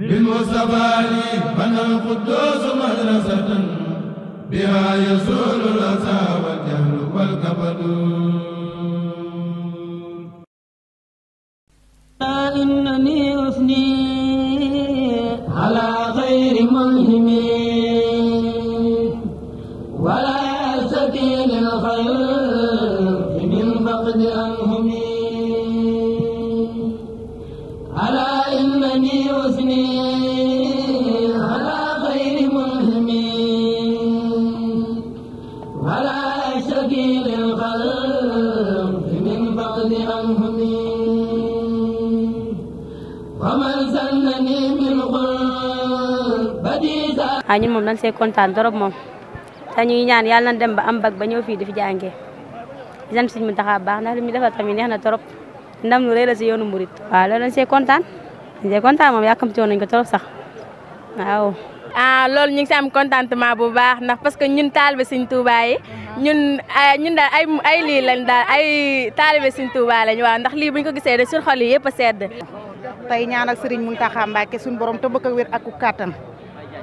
بالمصطفى لي بنى القدوس مدرسة بها يزول الأسى والجهل والكبد الذي يثني على غير ملهم ولا يشتكي للخلق من فقد أنهم ومن سلني من ah ñun moom dañ see kontaan trop moom te ñuy ñaan yàlla na dem ba am bag ba ñëw fii di fi jàngee di sant suñu taxaw baax ndax li mu defar tamit neex na trop ndam lu rëy la si yoonu murit waaw loolu dañ see kontaan. ñu ngi kontaan moom yàkkamti woon nañ ko trop sax waaw. ah loolu ñu ngi si am contentement bu baax ndax parce que ñun taalibe Sëñ Tuubaa yi mhm. ñun ah, ñun daal ay ay lii lañ daal ay taalibe Sëñ Tuubaa lañ waaw ndax lii buñ ko gisee de suñu xol yi yëpp a sedd. tey ñaanal Serigne Mountakha Mbacké suñu borom te bëgg a wér ak ku kàttan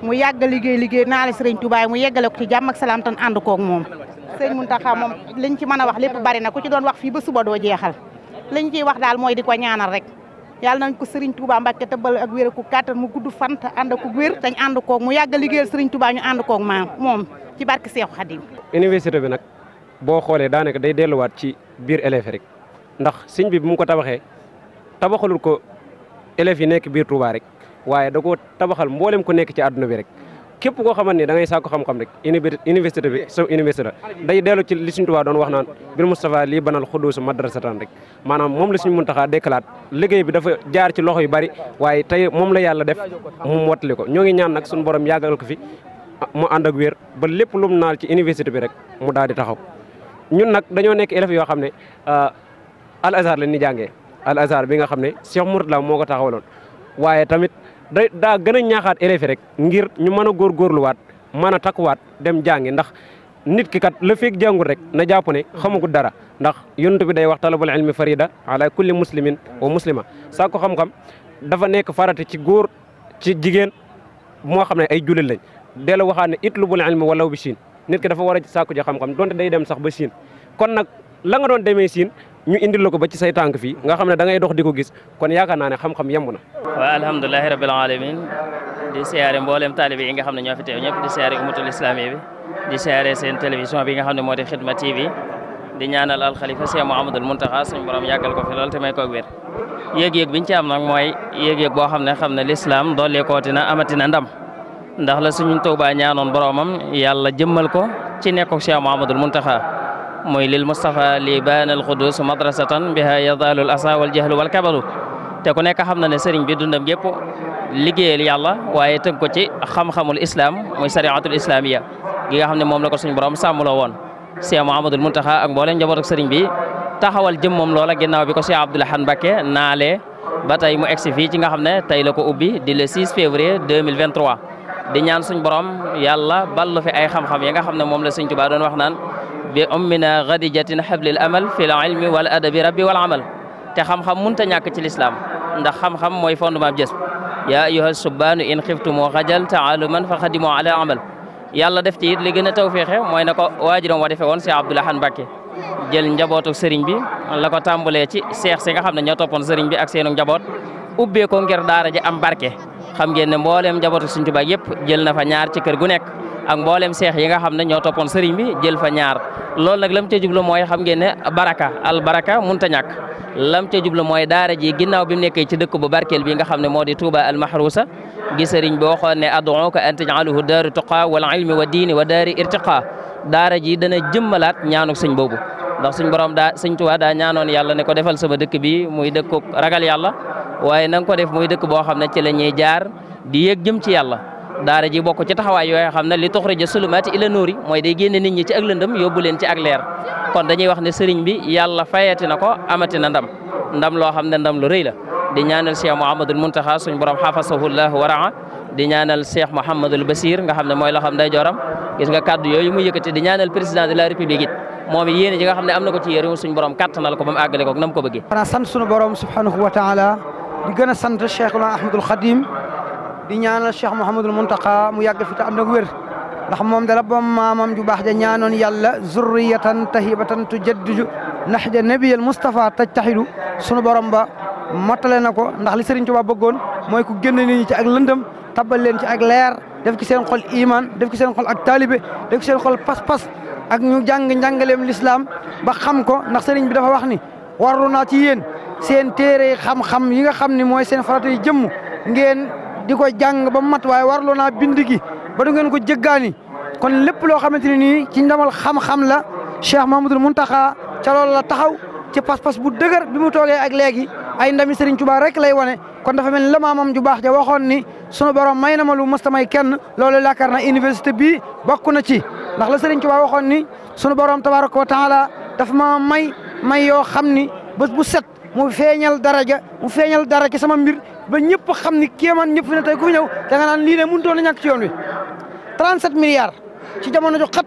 mu yàgg liggéey liggéey naa la Serigne Touba mu yeggale ko ci jàmm ak salaam tan ànd koog moom. Serigne Mountakha moom liñ ci mën a wax lépp bari na ku ci doon wax fii ba suba doo jeexal liñ ciy wax daal mooy di ko ñaanal rek. yàlla nañ ko Serigne Touba Mbacke tëbbal ak wér ku kàttan mu gudd fan te ànd ko wér dañ ànd koog mu yàgg a liggéeyal Serigne ñu ànd koog maam moom ci barke Seexu Xadim université bi nag boo xoolee daanaka day delluwaat ci biir élèves rek ndax sëñ bi bi mu ko tabaxee tabaxalul ko élèves yi nekk biir Touba rek waaye da ko tabaxal mboolem ku nekk ci àdduna bi rek képp koo xamante ni da ngay sàkku xam-xam rek université bi sa université la day dellu ci li suñu doon wax naan bil Moustapha lii banal xuduusu madrasatan rek maanaam moom la suñu Muntaxaa déclare liggéey bi dafa jaar ci loxo yu bari waaye tey moom la yàlla def mu mottali ko ñoo ngi ñaan nag suñu borom yàggal ko fi mu ànd ak wér ba lépp lum naal ci université bi rek mu daal di taxaw ñun nag dañoo nekk élèves yoo xam ne euh, al azhar la ni jàngee al azhar bi nga xam ne Cheikh Mourtala moo ko taxawaloon da daa gën a ñaaxaat élèves rek ngir ñu mën a góorluwaat mën a takkuwaat dem jàngi ndax nit ki kat la feeg jàngul rek na jàpp ne xamagu dara ndax yonent bi day wax talabul ilmi farida ala kulli muslimin wa muslima saako xam-xam dafa nekk farata ci góor ci jigéen moo xam ne ay jullit lañ delloo waxaat ne itlubul ilmi walaw bi siin nit ki dafa war a sàkku ji xam-xam donte day dem sax ba siin kon nag la nga doon demee siin ñu indil la ko ba ci say tànk fii nga xam ne da ngay dox di ko gis kon yaakaar naa ne xam-xam yemb na waaw alhamdulilahi rabbil alamin di siyaare mboolem taalibe yi nga xam ne ñoo fi teew ñëpp di siyaare ummatul islami bi di siyaare seen télévision bi nga xam ne moo di Xidma TV di ñaanal alxalifa Cheikh Mouhamadoul Mountakha suñu borom yàggal ko fi lool te may koog wér yéeg-yéeg biñ ci am nag mooy yéeg-yéeg boo xam ne xam ne l'islam doole kootina amatina ndam ndax la suñu Tuubaa ñaanoon boromam yalla jëmmal ko ci nekkoog Cheikh Mouhamadoul Mountakha mooy lil Moustapha li baanal xudus madrasatan biha yadaalul asa wal jahlu wal kabaru te xam na ne sëriñ bi dundam gépp liggéeyal yàlla waaye tënk ko ci xam-xamul islam muy sariatul islamiya gi nga xam ne moom la ko suñu borom sàmmloo woon Cheikh Mouhamadoul Mountakha ak mboolem njaboot ak sëriñ bi taxawal jëm moom loola ginnaaw bi ko Cheikh Abdoul Ahad Mbacké naalee ba tey mu egsi fii ci nga xam ne tey la ko ubbi di le 6 février 2023 di ñaan suñ borom yàlla ballu xam-xam yi xam ne moom la wax naan bi ummina xadijatin hablil amal fil ilmi wal adabi rabbi wal amal te xam-xam munta ñàkk ci lislaam ndax xam-xam mooy fondement bi jës yaa ayyuha subbaanu in xiftumoo xajal taaluman fa xadimoo ala amal yàlla def ci it li gën a tawféexe mooy na ko waajuram wa defee woon si Abdoulahan Mbàkke jël njabootu sëriñ bi la ko tàmbalee ci seex si nga xam ne ñoo toppoon sëriñ bi ak seenu njaboot ubbee ko ngir daara ji am barke xam ngeen ne mbooleem njabootu Sëriñ ak mboolem seex yi nga xam ne ñoo toppoon sëriñ bi jël fa ñaar loolu nag lam ca jublu mooy xam ngeen ne baraka al baraka munta ñàkk lam ca lu mooy daara ji ginnaaw bi mu nekkee ci dëkk bu barkeel bi nga xam ne moo di Touba al mahrusa gi sëriñ bi waxoon ne ad'uka an taj'aluhu daaru tuqa wal ilmi wa diini wa daari irtiqa daara ji dana jëmmalaat ñaanuk sëñ boobu ndax suñ borom daa sëñ Tuubaa daa ñaanoon yàlla ne ko defal sama dëkk bi muy dëkk ragal yàlla waaye na ko def muy dëkk boo xam ne ci la ñuy jaar di yëg jëm ci yàlla daara ji bokk ci taxawaay yooyu xam ne li tuxrija sulumaati ila nuuri mooy day génne nit ñi ci ak lëndëm yóbbu leen ci ak leer kon dañuy wax ne sëriñ bi yàlla fayati ko amati na ndam ndam loo xam ne ndam lu rëy di ñaanal Cheikh Mouhamadul Mountakha suñ borom xafasahullah waraa di ñaanal Cheikh Mouhamadul Basir nga xam ne mooy xam day joram gis nga kàddu yooyu mu yëkkati di ñaanal président de la république moom it ji nga xam a di ñaanal Cheikh Mouhamadul Mountakha mu yàgg fi te am na wér ndax moom dala boom maamam ju baax ja ñaanoon yàlla zurriyatan tahibatan tujaddiju nahja nabiyal Mustafa tajtahidu sunu borom ba mottale na ko ndax li Serigne Touba bëggoon mooy ku génn nit ñi ci ak lëndëm tabal leen ci ak leer def ci seen xol iman def ci seen xol ak taalibe def ci seen xol pas-pas ak ñu jàng njàngaleem lislaam ba xam ko ndax sëriñ bi dafa wax ni waru naa ci yéen seen téere xam yi nga xam ni mooy seen farata jëmm di ko jàng ba mat waaye warloo naa bind gi ba du ngeen ko jëggaani kon lépp loo xamante ne nii ci ndamal xam-xam la Cheikh Mahmadul Muntaxa ca loolu la taxaw ci pas-pas bu dëgër bi mu toogee ak léegi ay ndami Serigne Touba rek lay wane kon dafa mel ni la maamam ju baax ja waxoon ni sunu borom may na ma lu mës a may kenn loolu laakaar na université bi bokk na ci ndax la Serigne Touba waxoon ni sunu borom tabaaraka wa taala dafa ma may may yoo xam ni bés bu set. mu feeñal daraja mu feeñal dara ci sama mbir ba ñëpp xam ni kéemaan ñëpp fi ne tey ku fi ñëw da nga naan lii de mënutoon a ñàkk ci yoon wi ci jamono ju xat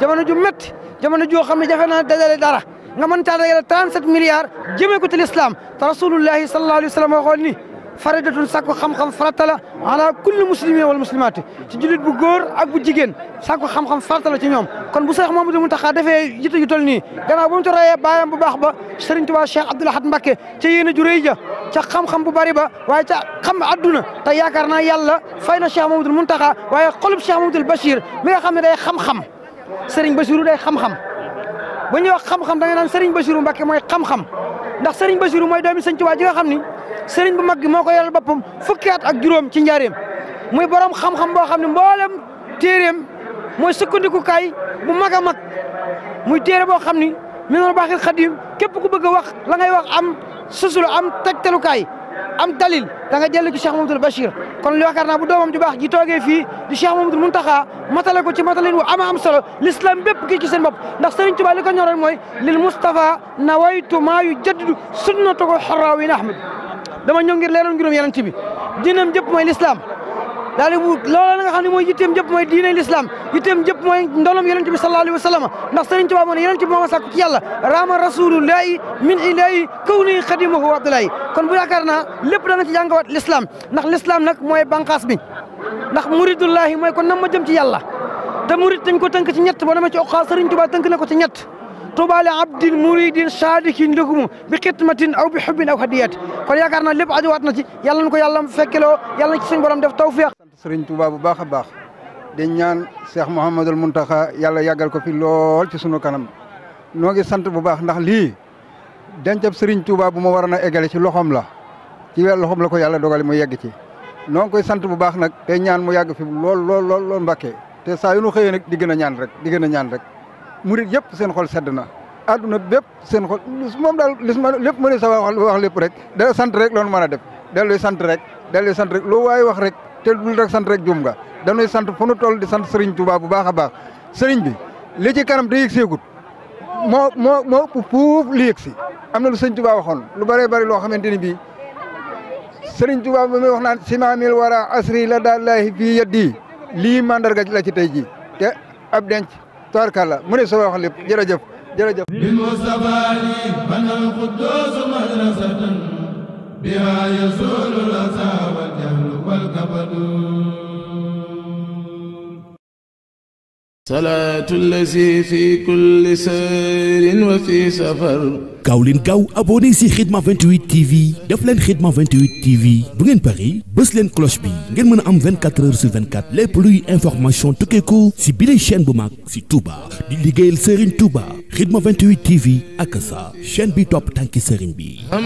jamono ju métti jamono joo xam ne jafe naa dajale dara nga man mën caa dajale 37 milliards jëmee ko ci lislaam ta rasulullahi sallallahu alayhi wa sallam waxoon ni faridatun sàkku xam-xam farata la ala kulli muslimin wal muslimaati ci jullit bu góor ak bu jigéen sàkku xam-xam farata la ci ñoom kon bu Seex Mamadu Muntaxa defee jiite ju tol nii gannaaw ba mu ci royee baayam bu baax ba Sëriñ Tuubaa Cheikh Abdoul Ahad Mbacké ca yéen a ju rëy ja ca xam-xam bu bari ba waaye ca xam adduna te yaakaar naa yàlla fay na mu Mamadou Muntaxa waaye xolub Cheikh Mamadou Bachir mi nga xam ne day xam-xam Sëriñ Bachiru day xam bu ñuy wax xam-xam da nga naan Sëriñ mooy xam-xam ndax Sëriñ Bachiru mooy doomi Sëriñ Tuubaa ji nga xam ni sëriñ bu mag bi moo ko yoral boppam fukki at ak juróom ci njaareem muy borom xam-xam boo xam ne mboolem téeréem mooy sukkandiku kaay bu mag a mag muy téere boo xam ni Minanul Baaxil Xadiim képp ku bëgg a wax la ngay wax am susulu am tegtalu kaay am dalil da nga jël ci Cheikh Mamadou Bachir kon yaakaar naa bu doomam ju baax ji toogee fii di Cheikh Mamadou Muntaxa matale ko ci matalin wu ama am solo l'islam bépp kii ci seen bopp ndax Serigne Touba li ko ñoroon mooy lil Mustafa nawaytu maa yu jaddidu sunnatahu xarraawin Ahmad dama ñëw ngir leeral ngirum yonent bi diinam jëpp mooy lislaam daal di wut loola la nga xam ne mooy yitteem jëpp mooy diine lislaam yitteem jëpp mooy ndolom yonent bi sallallahu alayhi wa ndax Sëriñ Tuubaa moo ne yonent bi moo ma sàkku ci yàlla raama rasulullahi min ilahi kaw ni xadimahu abdullahi kon bu yaakaar naa lépp da nga ci jàngawaat lislaam ndax lislaam nag mooy banqaas bi ndax muridullahi mooy kon nam ma jëm ci yàlla te murid dañ ko tënk ci ñett boo demee ci oqaa Sëriñ Tuubaa tënk na ko ci ñett tuuba li abdil muridin saadikin lëgumu bi xidmatin aw bi xubbin aw hadiyat kon yaakaar naa lépp ajuwaat na ci yàlla na ko yàlla fekkeloo yàlla na ci suñu borom def tawfiq sant sëriñ tuuba bu baax a baax di ñaan cheikh mouhamadul muntaxa yàlla yàggal ko fi lool ci sunu kanam noo ngi sant bu baax ndax lii dencab sëriñ tuuba bu ma waroon a eggale ci loxoom la ci weer loxoom la ko yàlla dogale mu yegg ci noo koy sant bu baax nag te ñaan mu yàgg fi lool lool lool lool mbàkke te saa yu nu xëyee nag di gën a ñaan rek di gën a ñaan rek murit yëpp seen xol sedd na adduna bépp seen xol moom daal lis ma lépp mëne sa wax wax lépp rek da sant rek loonu mën a def delluy sant rek delluy sant rek loo waaye wax rek te dul rek sant rek juum nga dañuy sant fu nu toll di sant Serigne Touba bu baax a baax Serigne bi li ci kanam te yëg seegut moo moo moo ëpp fuuf li si am na lu Serigne Touba waxoon lu bëree bari loo xamante ni bii Serigne Touba ba wax naan simaamil wara asri la daal laahi fii yaddi lii mandarga la ci tey ji te denc tabarkàlla mu ne soo wax lépp jërëjëf jërëjëf bil Mustafa li banal quddus madrasatan biha yasulu lasa wal jahlu wal kabadu salaatu lazi fi kulli sayrin wa fi safar gaaw leen gaaw abonné si Khidma 28 TV def leen Khidma 28 TV bu ngeen bari bës leen cloche bi ngeen mën a am 24 heures sur 24 lépp luy information tukkeeku si bile chaîne bu mag si Touba di liggéeyal Serigne Touba Khidma 28 TV ak sa bi topp tànki Serigne bi.